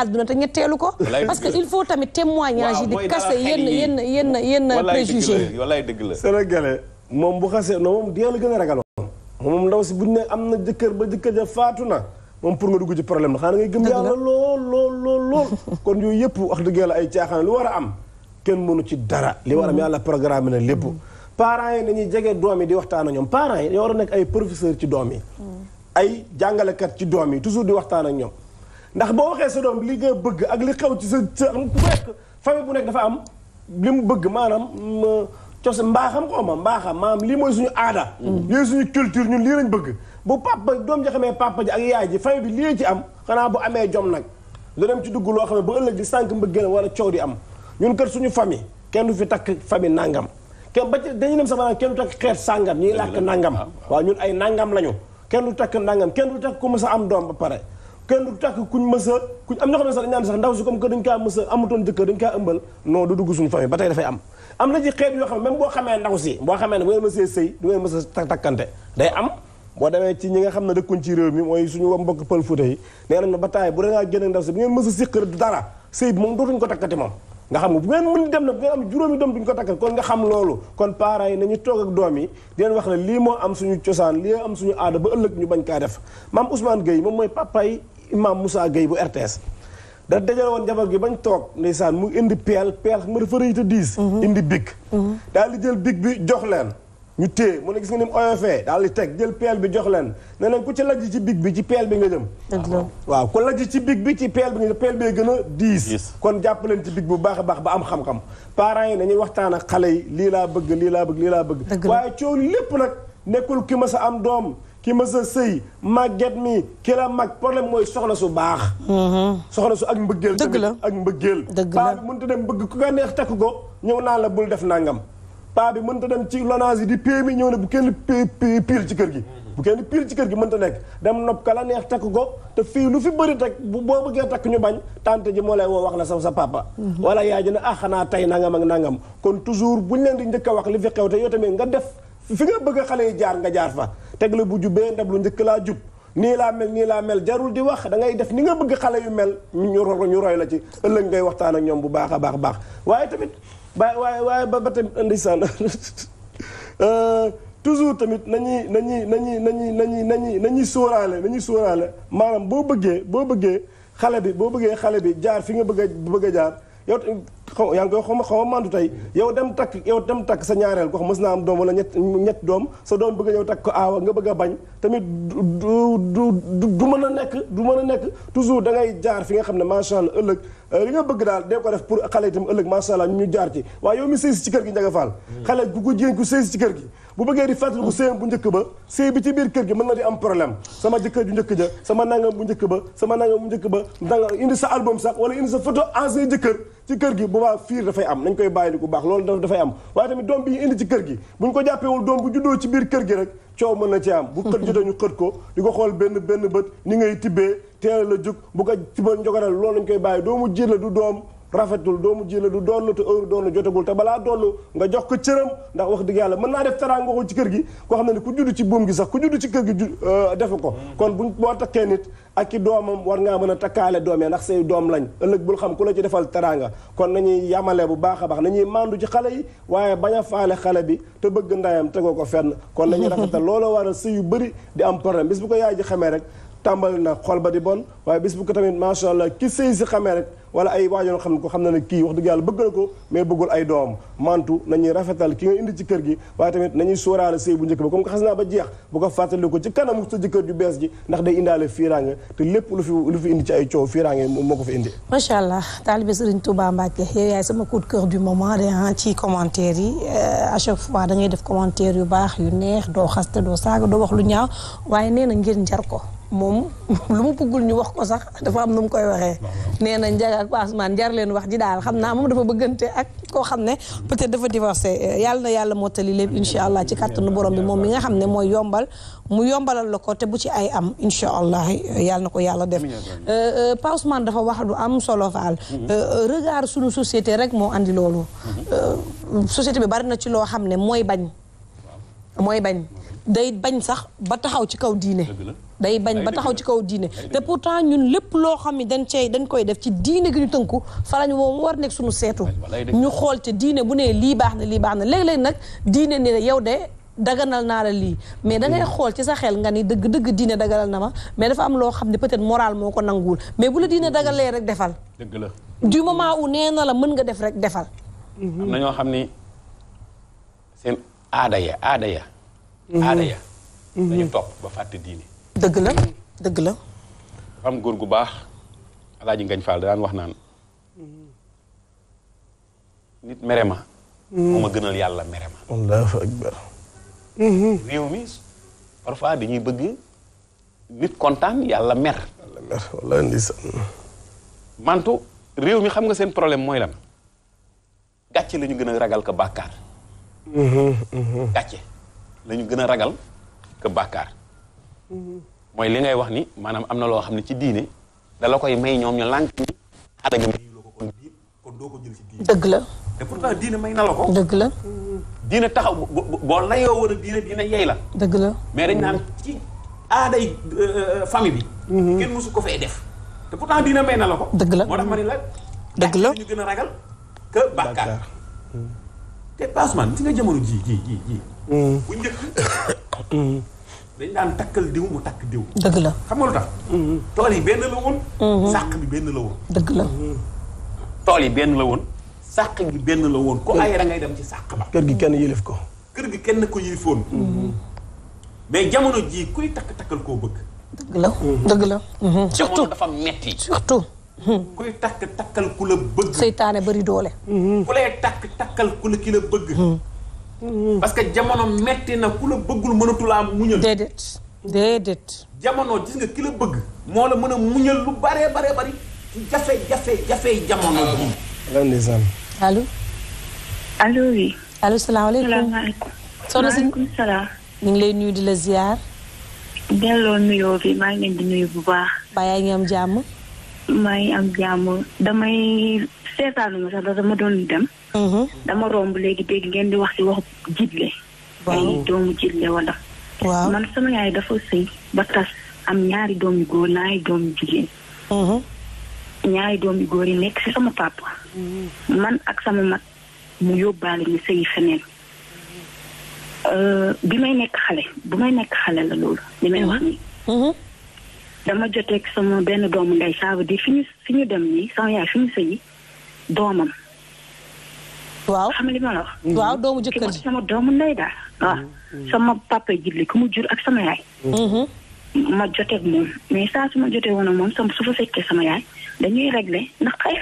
àdduna te ñetteelu ko parce que il faut tamit témoignage yi di kase yenn yenn yenn yenn préjugé wallaay dëgg la sénégalais moom bu xasee non moom dee la gën a ragaloon moom ndaw si bu ñu ne am na jëkkër ba jëkkër ja faatu na moom pour nga dugg ci problème na xanaa ngay gëm yàlla lool lool lool lool kon yooyu yëpp wax dëgg yàlla ay caaxaan lu war a am kenn mënu ci dara li war am mm-hmm. yàlla programme na lépp mm-hmm. parents yi dañuy jege doom yi di waxtaan a ñoom parent yi yoo war a nekk ay professeur ci doom yi mm. ay jàngalekat ci doom yi toujours di waxtaan ak ñoom ndax boo waxee sa doom li nga bëgg ak li xew ci sa sa ku nekk famille bu nekk dafa am li mu bëgg maanaam mm, cos mbaaxam ko ma mbaaxam maanaam li mooy suñu aada. Mm. lii suñu culture ñun lii lañ bëgg. bu papa doom ji xamee papa ji ak yaay ji famille bi lii ci am xanaa bu amee jom nag lu dem ci dugg loo xam ne ba ëllëg di sànq mbëggeel wala coow di am ñun kër suñu famille kenn du fi takk famille nangam. kenn ba ci dañuy dem kenn du takk xeet sàngam ñuy làkk nangam. Ah, ah. waaw ñun ay nangam lañu. kenn du takk nangam kenn du takk ku mës am doom ba pare. kenn du takk kuñ mës a kuñ am na xam ne sax dañ naan sax ndaw ba tey na bu ngeen am boo demee ci ma a ko takkati moom nga xam nga bu ngeen mën dem na bu ngeen am juróomi doom duñ ko takkal kon nga xam loolu kon parents nañu toog ak doom yi di wax ne lii moo am suñu cosaan lii am suñu aada ba ëllëg ñu bañ kaa def maam Ousmane Gueye moom mooy papa imam Moussa Gueye bu RTS da dajale woon jabar gi bañ toog ndeysaan mu indi peel peel xam nga dafa rëy te diis mhm. indi bigg mhm. daal di jël big bi jox leen ñu téye mu ne gis nga ni mu oyofee daal di teg jël peel bi jox leen ne leen ku ci lajj ci bigg bi ci peel bi nga jëm waaw ku lajj ci big bi ci peel bi nga jëm peel bi gën a diis kon jàpp leen ci bigg bu baax a baax ba am xam-xam parents yi dañuy waxtaan ak xale yi lii laa bëgg lii laa bëgg lii laa bëgg waaye coow lépp nag nekkul ki ma sa am doom kii ma sa sëy màgget mi ki la mag problème mooy soxla su baax. Mhm. soxna su ak mbëggeel. dëgg la ak mbëggeel. dëgg la paa bi mënut a dem bëgg ku nga neex takk ko ñëw naa la bul def nangam. paa bi mënut a dem ci lonage yi di pee mi ñëw na bu kenn pee piil ci kër gi. bu kenn piil ci kër gi mënta nekk dem nopp ka la neex takk ko te fii lu fi bëri teg bu boo bëggee takk ñu bañ tante ji moo lay woo wax la saw sa papa mhm. wala yaay ne ah xanaa tey nangam ak nangam kon toujours buñ leen di njëkk a wax li fi xew te nga def fi nga bëgg xale yi jaar nga jaar fa tegle bu jubee ndab lu njëkk laa jub nii laa mel nii laa mel jarul di wax dangay def ni nga bëgg xale yu mel ñu roy ñu roy la ci ëllëg ngay waxtaan ak ñoom bu baax a baax baax waaye tamit ba waaye waaye ba ba tamit na ndeysaan euh, toujours tamit nañuy nañuy nañuy nañuy na nañuy nañuy na nañuy sóoraale maanaam boo bëggee boo bëggee xale bi boo bëggee xale bi jaar fi nga bëgg bëgg a jaar yow xaw yaa ngi koy xaw ma xaw ma mandu tey yow dem takk yow dem takk sa ñaareel ko xam mës naa am doom wala ñett ñett doom sa doom bëgg a ñëw takk ko aawa nga bëgg a bañ tamit du du du mën a nekk du mën a nekk toujours da ngay jaar fi nga xam ne macha allah ëllëg euh, li nga bëgg daal dee ko def pour xale itam ëllëg macha la ñu jaar ci waaye yow mi sëy si ci kër gi Ndiaga Fall hmm. xale ku ko jigéen ku sëy si ci kër gi bu bëggee di fàttaliku sëyam bu njëkk ba sëy bi ci biir kër gi mën na di am problème sama jëkkër ju njëkk sama nangam bu njëkk ba sama nangam bu njëkk ba danga indi sa album sax wala indi sa photo ancien jëkkër ci kër gi boobaa fiir dafay am nañ koy bàyyi ku baax loolu dafay am waaye tamit doom bi indi ci kër gi buñ ko jàppewul doom bu juddoo ci biir kër gi rek coow mën na ci am bu xët jotee ñu xët ko di ko xool benn benn bët ni ngay tibbee teel la jug bu ko ci ba njogaral loolu lañ koy bàyyi doomu jiir la du doom rafetul doomu ji la du doon te heure doon jotagul te balaa doon nga jox ko cëram ndax wax dëgg yàlla mën naa def teraanga ko ci kër gi ko xam ne ne ku judd ci buum gi sax ku judd ci kër gi euh, defu ko hmm. kon buñ boo takkee nit ak i doomam war ngaa mën a takkaale doom doomee ndax sey doom lañ ëllëg bul xam ku la ci defal teraanga kon nañuy yamale bu baax a baax nañuy mandu ci xale yi waaye baña faale xale bi te bëgg ndayam tegoo ko fenn kon nañuy rafetal looloo waral sëy yu bëri di am problème bis bu ko yaay ji xamee rek tàmbali na xol ba di bon waaye bis bu ko tamit macha allah ki sëy si xamee rek wala ay waajoon xam ne ko xam ne wax dëgg yàlla na ko mais bëggul ay doom mantu nañuy rafetal ki indi ci kër gi waaye tamit nañuy sóoraale sëy bu njëkk ba comme que xas naa ba jeex bu ko fàttali ko ci kanamu sa jëkkër ju bees ji ndax day indaale fiiraange te lépp lu lu fi indi ci ay coow fiiraange moo ko fi indi macha allah taalibe Serigne Touba Mbacke yow yaay sama coup de cœur du moment de ah, ci commentaire yi euh, à chaque fois def commentaire yu baax yu neex doo xaste doo saaga doo wax lu ñaaw waaye nee na ngir njar ko moom lu mu bëggul ñu wax ko sax dafa am nu mu koy waxee nee na Ndiaga ak Ousmane leen wax ji daal xam naa moom dafa bëggante ak koo xam ne peut-être dafa divorcé yàlla na yàlla mottali lépp incha allah ci kàttanu borom bi moom mi nga xam ne mooy yombal mu yombalal la ko te bu ci ay am incha allah yàlla na ko yàlla def euh, euh, Pa Ousmane dafa wax lu am solo faal euh, regard suñu société rek moo andi loolu société bi bari na ci loo xam ne mooy bañ mooy bañ day bañ sax ba taxaw ci kaw diine day bañ ba taxaw ci kaw diine te pourtant ñun lépp loo xam ne dañ cey dañ koy def ci diine gi ñu tënku fa lañ woo war nekk suñu seetu ñu xool te diine bu ne lii baax na lii baax na léeg-léeg nag diine ne yow de daganal naa la lii mais da ngay xool ci sa xel nga ni dëgg dëgg diine daganal na ma mais dafa am loo xam ne peut-être moral moo ko nanguwul mais bu la diine dagalee rek defal dëgg la du moment où nee na la mën nga def rek defal na ñoo xam ni seen ya aada ya mhm. aada mhm. dëgg la dëgg la. am góor gu baax Alaaji Ngañ Fall daan wax naan nit mere ma. Mm. moo ma gënal yàlla mere ma. allahu akbar. Mm-hmm. réew mi parfois dañuy bëgg nit kontaan yàlla mer. mantu réew mi xam nga seen problème mooy lan gàcce la ñu gën a ragal ka bàkkaar. Mm-hmm, mm-hmm. gàcce la gën a ragal ka bàkkaar. mooy li ngay wax ni maanaam am na loo xam ne ci diine dala koy may ñoom ñu lànk ni ala ñu mayu ko doo ko jël ci dëgg la te pourtant diine may na la ko dëgg la diine taxaw boo layoo war a diine diine yey la dëgg la mais dañ naan ci aaday euh, euh, famille bi mm-hmm. kenn mosu ko fay def te pourtant diine may na la ko dëgg la moo tax la dëgg la ñu gën a ragal que bàkkaar te passement gis nga jamono ji ji ji dañ daan takkal diw mu takk diw. dëgg la xam nga tax. Mm-hmm. tool yi benn la woon. Mm-hmm. sàq bi benn la woon. dëgg la. Mm-hmm. yi benn la woon. gi benn la woon. ku ay da ngay dem ci sàq ba. kër gi kenn yilif ko. kër gi kenn ko yilifoon. mais jamono jii kuy takk takkal koo bëgg. dëgg la dëgg la. surtout dafa metti surtout. kuy takk takkal ku la seytaane bari doole. ku lay takk takkal ku la ki la bëgg. parce que jamono metti na ku la bëggul mënatu laa muñal. déedéet déedéet. jamono gis nga ki la bëgg. moo la mën a muñal lu baree baree bari jafe-jafe jafe jamono bi. allo ndeysaan. allo. allo oui. allo salaamaaleykum salaamaaleykum. si maaleykum salaam. ñu ngi lay nuyu di la ziar. delloo nuyoo bi maa ngi di nuyu bu baax. mbaa a ngi am jàmm. may am jàmm damay seetaanuma sax dama doon dem. Mhm. dama romb léegi dégg ngeen di wax ci waxu jiitle. waaw doomu jiitle wala. man sama yaay dafa sëy ba tas am ñaari doom yu góor ñaari doom yu jigéen. Mhm. ñaari doom yu góor yi nekk ci sama papa. man ak sama mag mu yóbbaale ñu sëyi feneen. Mhm. Euh, bi may nekk xale bu may nekk xale la loolu li wax nii. dama joteeg sama benn doomu ndey ça veut dire fi ñu fi ñu dem nii sama yaay fi ñu sëyi doomam. waaw xam nga li ma la wax. Mm-hmm. waaw doomu jëkkër ji sama doomu ndey daal. waaw mm-hmm. sama papa jibli ku mu jur ak sama yaay. Mm-hmm. ma joteeg moom mais saa su ma jotee woon moom sama su fa fekkee sama yaay dañuy régler ndax ay